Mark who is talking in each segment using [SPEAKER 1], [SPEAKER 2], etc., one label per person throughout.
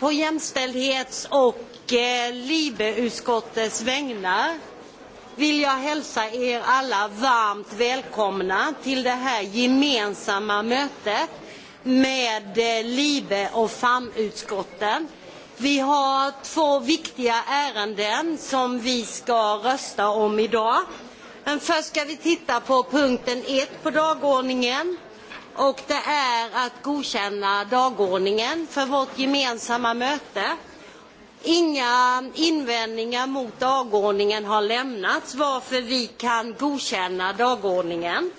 [SPEAKER 1] på jämställdhets och eh, LIBE-utskottets vägnar vill jag hälsa er alla varmt välkomna till det här gemensamma mötet med eh, LIBE och FAM-utskotten. Vi har två viktiga ärenden som vi ska rösta om idag. Men först ska vi titta på punkten 1 på dagordningen och det är att godkänna dagordningen för vårt gemensamma möte. Inga invändningar mot dagordningen har lämnats varför vi kan godkänna dagordningen.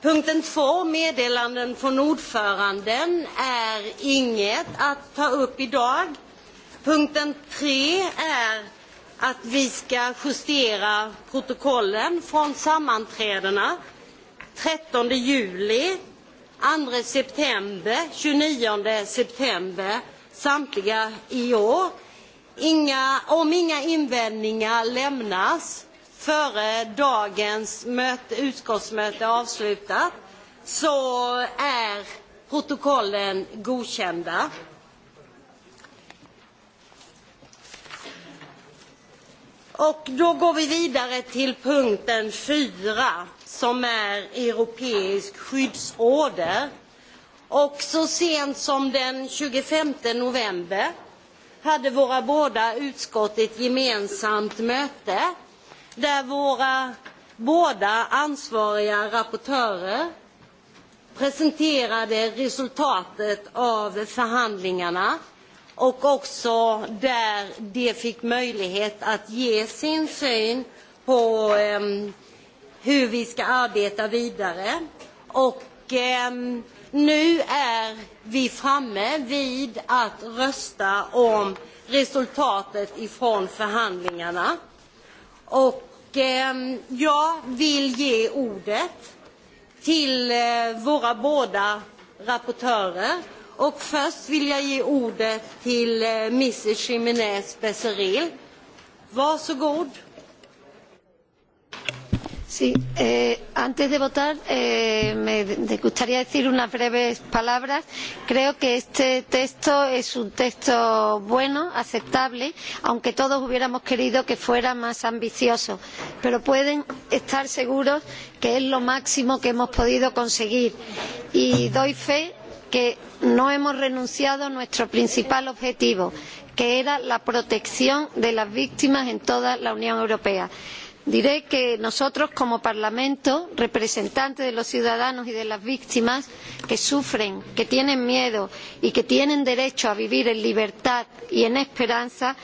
[SPEAKER 1] Punkten två, meddelanden från ordföranden, är inget att ta upp idag. Punkten tre är att vi ska justera protokollen från sammanträdena. 13 juli, 2 september, 29 september, samtliga i år. Inga, om inga invändningar lämnas före dagens möte, utskottsmöte avslutat så är protokollen godkända. Och då går vi vidare till punkten 4 som är europeisk skyddsorder. Och så sent som den 25 november hade våra båda utskott ett gemensamt möte där våra båda ansvariga rapportörer presenterade resultatet av förhandlingarna och också där de fick möjlighet att ge sin syn på eh, hur vi ska arbeta vidare. Och eh, nu är vi framme vid att rösta om resultatet ifrån förhandlingarna. Och eh, jag vill ge ordet till eh, våra båda rapportörer. Och först vill jag ge ordet till eh, Mrs. Jiménez Becerril. Varsågod.
[SPEAKER 2] Sí, eh, antes de votar, eh, me gustaría decir unas breves palabras. Creo que este texto es un texto bueno, aceptable, aunque todos hubiéramos querido que fuera más ambicioso. Pero pueden estar seguros que es lo máximo que hemos podido conseguir. Y doy fe que no hemos renunciado a nuestro principal objetivo, que era la protección de las víctimas en toda la Unión Europea. Diré que nosotros como Parlamento, representantes de los ciudadanos y de las víctimas que sufren, que tienen miedo y que tienen derecho a vivir en libertad y en esperanza,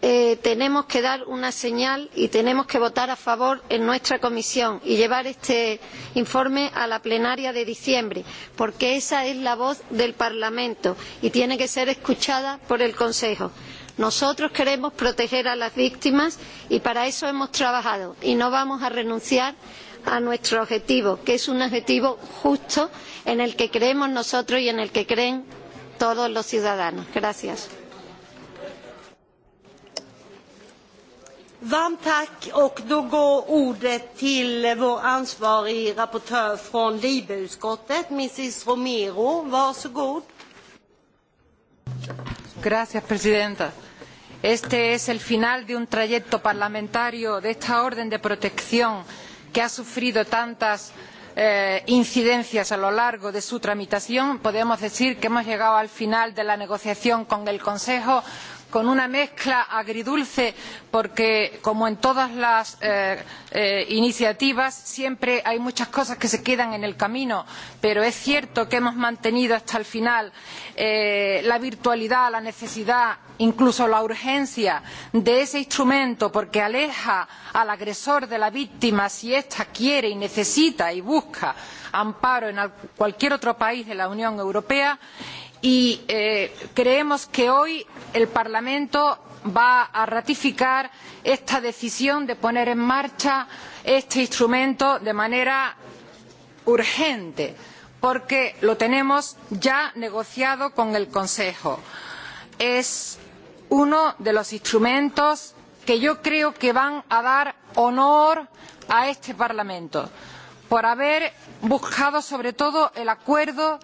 [SPEAKER 2] eh, tenemos que dar una señal y tenemos que votar a favor en nuestra comisión y llevar este informe a la plenaria de diciembre, porque esa es la voz del Parlamento y tiene que ser escuchada por el Consejo. Nosotros queremos proteger a las víctimas y para eso hemos trabajado y no vamos a renunciar a nuestro objetivo, que es un objetivo justo en el que creemos nosotros y en el que creen todos los ciudadanos. Gracias. Varmt tack
[SPEAKER 1] och då går ordet till vår ansvarig rapportör från LIBE-utskottet,
[SPEAKER 3] Mrs Romero. Varsågod. Gracias, presidenta. Este es el final de un trayecto parlamentario de esta orden de protección que ha sufrido tantas eh, incidencias a lo largo de su tramitación. Podemos decir que hemos llegado al final de la negociación con el Consejo con una mezcla agridulce porque, como en todas las eh, eh, iniciativas, siempre hay muchas cosas que se quedan en el camino, pero es cierto que hemos mantenido hasta el final eh, la virtualidad, la necesidad, incluso la urgencia de ese instrumento porque aleja al agresor de la víctima si ésta quiere y necesita y busca amparo en cualquier otro país de la Unión Europea y eh, creemos que hoy el Parlamento va a ratificar esta decisión de poner en marcha este instrumento de manera urgente, porque lo tenemos ya negociado con el Consejo. Es uno de los instrumentos que yo creo que van a dar honor a este Parlamento por haber buscado sobre todo el acuerdo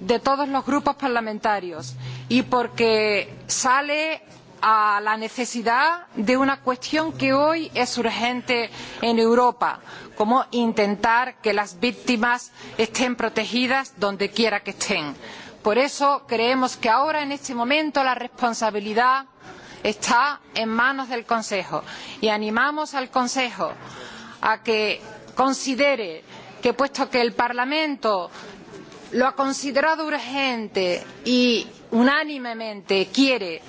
[SPEAKER 3] de todos los grupos parlamentarios y porque sale a la necesidad de una cuestión que hoy es urgente en Europa, como intentar que las víctimas estén protegidas donde quiera que estén. Por eso creemos que ahora, en este momento, la responsabilidad está en manos del Consejo y animamos al Consejo a que considere que puesto que el Parlamento lo ha considerado urgente y unánimemente quiere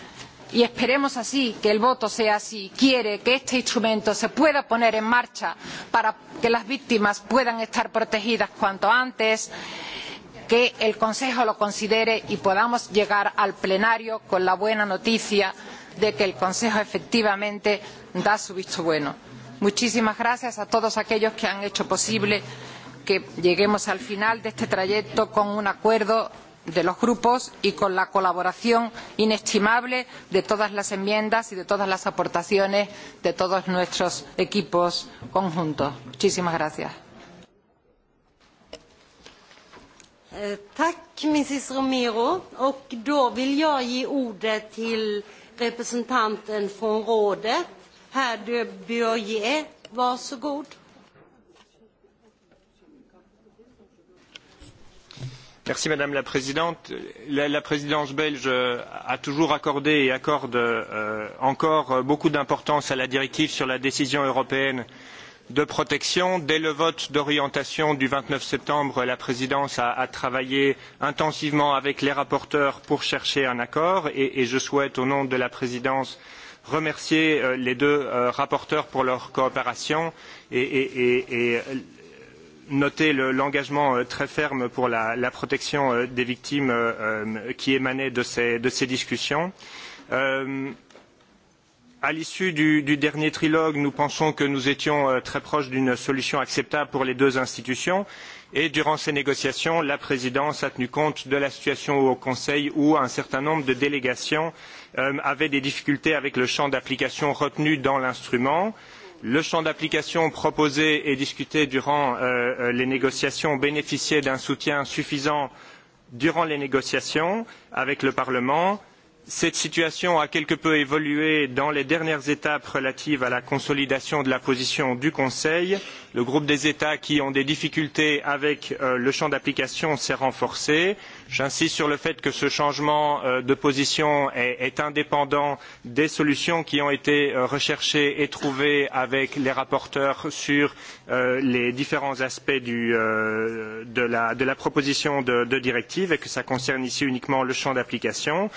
[SPEAKER 3] y esperemos así que el voto sea así, quiere que este instrumento se pueda poner en marcha para que las víctimas puedan estar protegidas cuanto antes, que el Consejo lo considere y podamos llegar al plenario con la buena noticia de que el Consejo efectivamente da su visto bueno. Muchísimas gracias a todos aquellos que han hecho posible que lleguemos al final de este trayecto con un acuerdo de los grupos y con la colaboración inestimable de todas las enmiendas y de todas las aportaciones de todos nuestros equipos conjuntos. Muchísimas gracias.
[SPEAKER 1] Eh, tack Mrs Romero och då vill jag ge ordet till representanten från rådet, herr de Börje. Varsågod.
[SPEAKER 4] Merci Madame la Présidente. La, la présidence belge euh, a toujours accordé et accorde euh, encore euh, beaucoup d'importance à la directive sur la décision européenne de protection. Dès le vote d'orientation du vingt neuf septembre, la présidence a, a, travaillé intensivement avec les rapporteurs pour chercher un accord et, et je souhaite, au nom de la présidence, remercier euh, les deux euh, rapporteurs pour leur coopération et, et, et noter l'engagement euh, très ferme pour la, la protection euh, des victimes euh, qui émanait de ces, de ces discussions. À l'issue du, du dernier trilogue, nous pensons que nous étions très proches d'une solution acceptable pour les deux institutions et durant ces négociations, la présidence a tenu compte de la situation au Conseil où un certain nombre de délégations euh, avaient des difficultés avec le champ d'application retenu dans l'instrument. Euh, Le champ d'application proposé et discuté durant euh, euh les négociations bénéficiait d'un soutien suffisant durant les négociations avec le Parlement Cette situation a quelque peu évolué dans les dernières étapes relatives à la consolidation de la position du Conseil. Le groupe des États qui ont des difficultés avec euh, le champ d'application s'est renforcé. J'insiste sur le fait que ce changement euh, de position est, est, indépendant des solutions qui ont été euh, recherchées et trouvées avec les rapporteurs sur euh, les différents aspects du, euh, de, la, de, la, proposition de, de directive et que cela concerne ici uniquement le champ d'application.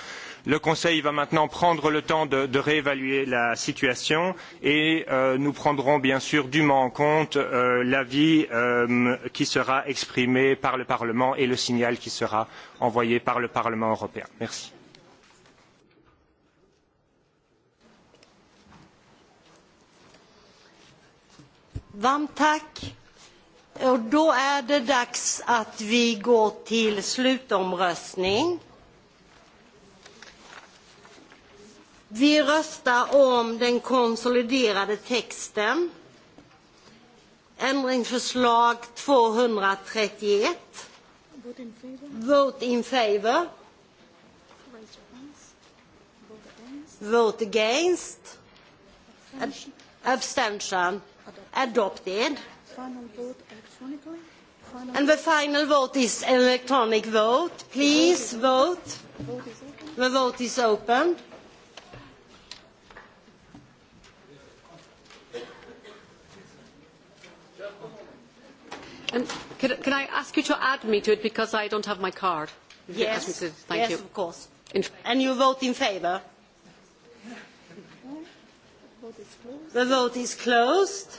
[SPEAKER 4] Le Conseil va maintenant prendre le temps de, de réévaluer la situation et euh, nous prendrons bien sûr dûment en compte euh, l'avis euh, qui sera exprimé par le Parlement et le signal qui sera envoyé par le Parlement européen. Merci.
[SPEAKER 1] Varmt tack. Och då är det dags att vi går till slutomröstning. Vi röstar om den konsoliderade texten. Ändringsförslag 231.
[SPEAKER 2] Vote in favor. Vote, in
[SPEAKER 1] Vote against. Abstention. Abstention. Adopted. And the final vote is electronic vote. Please vote. The vote is The vote is open. And could, can I ask you to add me to it because I don't have my card? yes, to, thank yes, you. of course. In and you vote in favour? The vote is closed.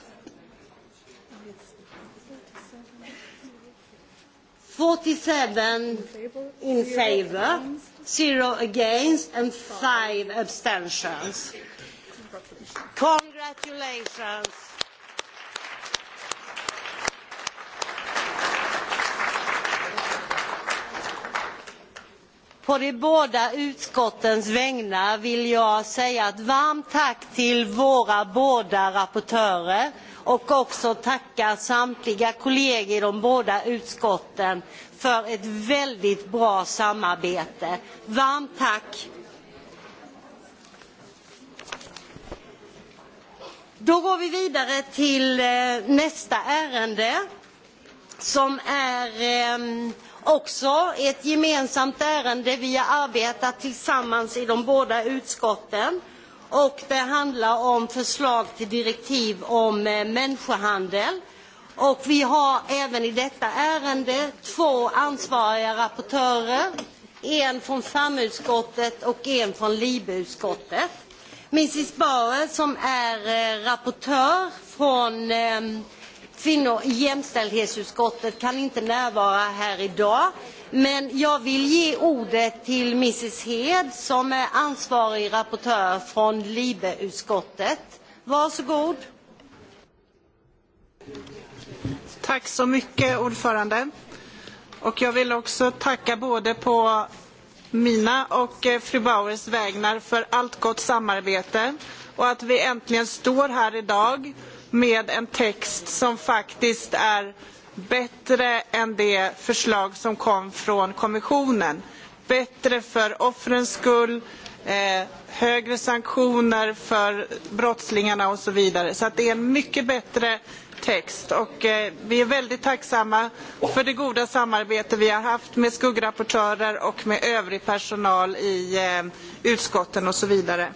[SPEAKER 1] 47 in favour, zero against and five abstentions. Congratulations. På de båda utskottens vägnar vill jag säga ett varmt tack till våra båda rapportörer och också tacka samtliga kollegor i de båda utskotten för ett väldigt bra samarbete. Varmt tack! Då går vi vidare till eh, nästa ärende som är ehm, också ett gemensamt ärende vi har arbetat tillsammans i de båda utskotten. Och det handlar om förslag till direktiv om eh, människohandel. Och vi har även i detta ärende två ansvariga rapportörer. En från samutskottet och en från LIBE-utskottet. Mrs Bauer som är eh, rapportör från eh, kvinno i jämställdhetsutskottet kan inte närvara här idag. Men jag vill ge ordet till Mrs Hed som är ansvarig rapportör från LIBE-utskottet. Varsågod.
[SPEAKER 5] Tack så mycket ordförande. Och jag vill också tacka både på mina och eh, fru Bauers vägnar för allt gott samarbete och att vi äntligen står här idag med en text som faktiskt är bättre än det förslag som kom från kommissionen. Bättre för offrens skull, eh, högre sanktioner för brottslingarna och så vidare. Så det är en mycket bättre text och eh, vi är väldigt tacksamma för det goda samarbete vi har haft med skuggrapportörer och med övrig personal i eh, utskotten och så vidare.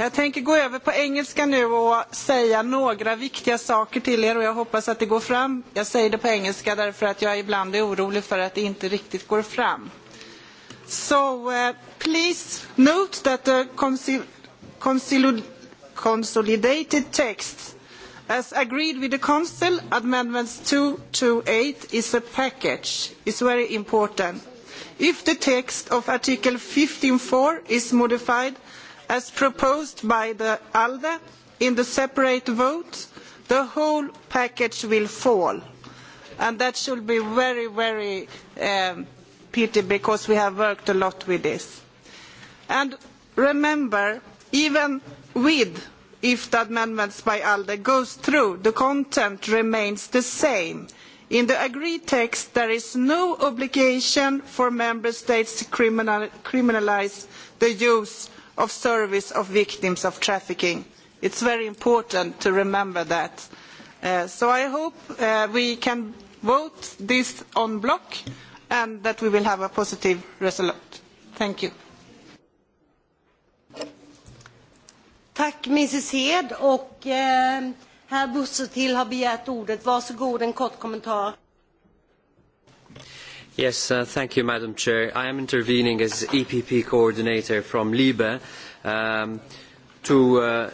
[SPEAKER 5] Jag tänker gå över på engelska nu och säga några viktiga saker till er och jag hoppas att det går fram. Jag säger det på engelska därför att jag ibland är orolig för att det inte riktigt går fram. So uh, please note that the consil consolidated text as agreed with the Council, Amendments two to eight is a package. It's is very important. If the text of Article 15.4 is modified, as proposed by the ALDE in the separate vote, the whole package will fall. And that should be very, very um, pity because we have worked a lot with this. And remember, even with if the amendments by ALDE goes through, the content remains the same. In the agreed text, there is no obligation for member states to criminalise the use of service of victims of trafficking. It's very important to remember that. Uh, so I hope uh, we can vote this en bloc and that we will have a positive result. Thank you.
[SPEAKER 1] Tack Mrs Hed och eh, herr Bussutil har begärt ordet. Varsågod en kort kommentar. Yes, uh, thank you, Madam Chair. I am intervening as EPP coordinator from LIBE um, to uh,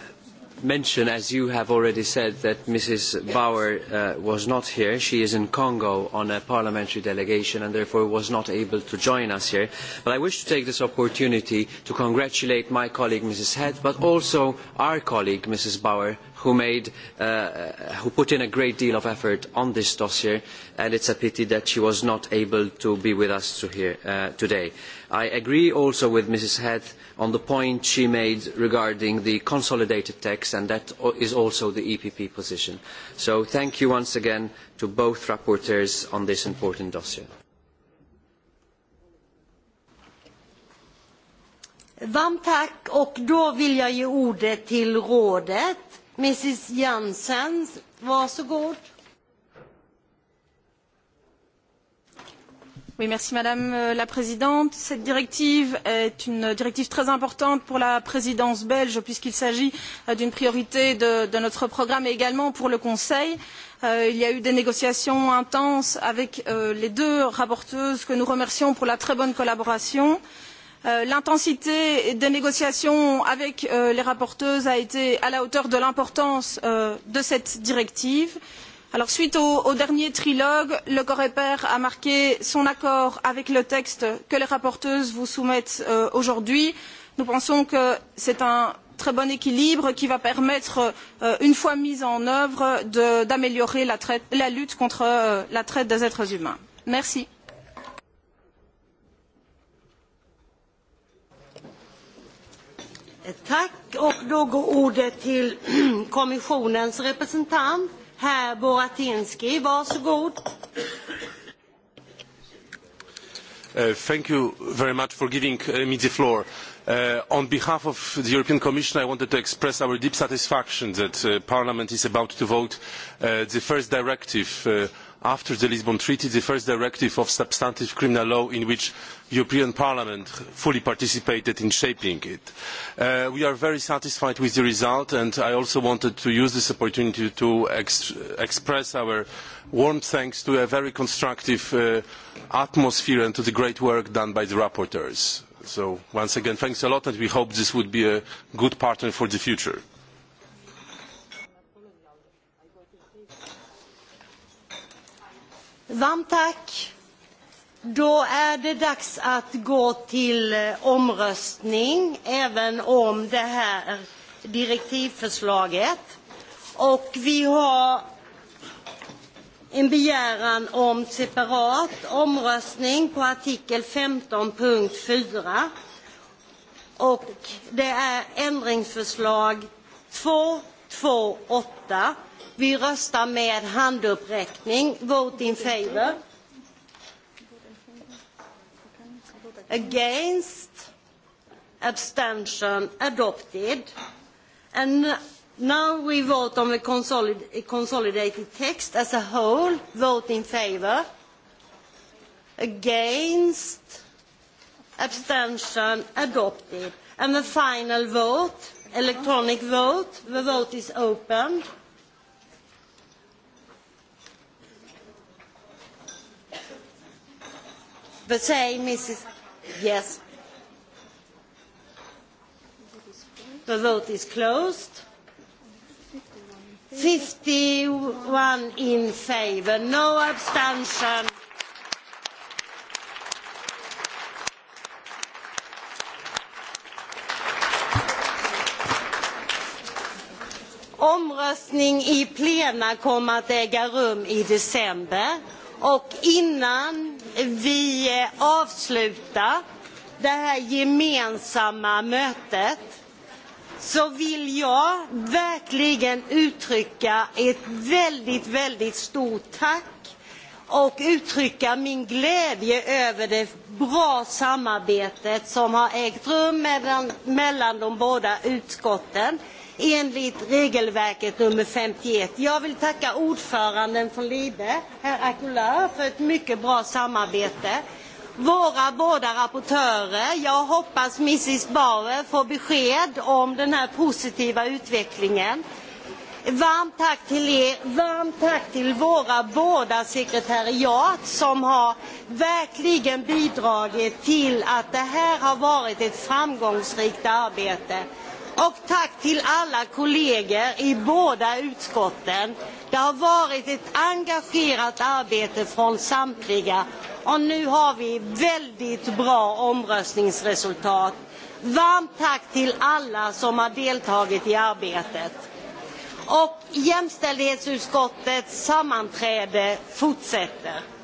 [SPEAKER 1] mention, as you have already said, that Mrs. Bauer uh, was not here. She is in Congo on a parliamentary delegation and therefore was not able to join us here. But I wish to take this opportunity to congratulate my colleague Mrs. Head, but also our colleague Mrs. Bauer, who, made, uh, uh, who put in a great deal of effort on this dossier, and it is a pity that she was not able to be with us to here, uh, today. I agree also with Mrs. Heath on the point she made regarding the consolidated text, and that is also the EPP position. So thank you once again to both rapporteurs on this important dossier. Varmt tack och då vill jag ge ordet till rådet. Mrs
[SPEAKER 5] varsågod. Oui, merci Madame euh, la Présidente. Cette directive est une directive très importante pour la présidence belge puisqu'il s'agit euh, d'une priorité de, de notre programme et également pour le Conseil. Euh, il y a eu des négociations intenses avec euh, les deux rapporteuses que nous remercions pour la très bonne collaboration. Euh, L'intensité des négociations avec euh, les rapporteuses a été à la hauteur de l'importance de cette directive. Alors, suite au, au dernier trilogue, le Coreper a marqué son accord avec le texte que les rapporteuses vous soumettent euh, aujourd'hui. Nous pensons que c'est un très bon équilibre qui va permettre, euh, une fois mise en œuvre, d'améliorer la, la, lutte contre euh, la traite des êtres humains. Merci.
[SPEAKER 1] Tack och då går ordet till kommissionens representant Herr varsågod.
[SPEAKER 5] Uh, thank you very much for giving uh, me the floor. Uh, on behalf of the European Commission, I wanted to express our deep satisfaction that uh, Parliament is about to vote uh, the first directive uh, after the Lisbon Treaty, the first directive of substantive criminal law in which the European Parliament fully participated in shaping it. Uh, we are very satisfied with the result and I also wanted to use this opportunity to ex express our warm thanks to a very constructive uh, atmosphere and to the great work done by the rapporteurs. So once again, thanks a lot and we hope this would be a good partner for the future.
[SPEAKER 1] Varmt tack. Då är det dags att gå till eh, omröstning även om det här direktivförslaget. Och vi har en begäran om separat omröstning på artikel 15.4. Och det är ändringsförslag 2, 2, 8. Vi röstar med handuppräckning. Vote in favor. Against. Abstention adopted. And now we vote on the consolid consolidated text as a whole. Vote in favor. Against. Abstention adopted. And the final vote electronic vote. The vote is open. The same is, yes. The vote is closed. 51 in favor, no abstention. omröstning i plena kommer att äga rum i december. Och innan vi eh, avslutar det här gemensamma mötet så vill jag verkligen uttrycka ett väldigt, väldigt stort tack och uttrycka min glädje över det bra samarbetet som har ägt rum mellan, mellan de båda utskotten enligt regelverket nummer 51. Jag vill tacka ordföranden från Libe, herr Akula, för ett mycket bra samarbete. Våra båda rapportörer, jag hoppas Mrs Bauer får besked om den här positiva utvecklingen. Varmt tack till er, varmt tack till våra båda sekretariat som har verkligen bidragit till att det här har varit ett framgångsrikt arbete. Och tack till alla kollegor i båda utskotten. Det har varit ett engagerat arbete från samtliga och nu har vi väldigt bra omröstningsresultat. Varmt tack till alla som har deltagit i arbetet. Och jämställdhetsutskottets sammanträde fortsätter.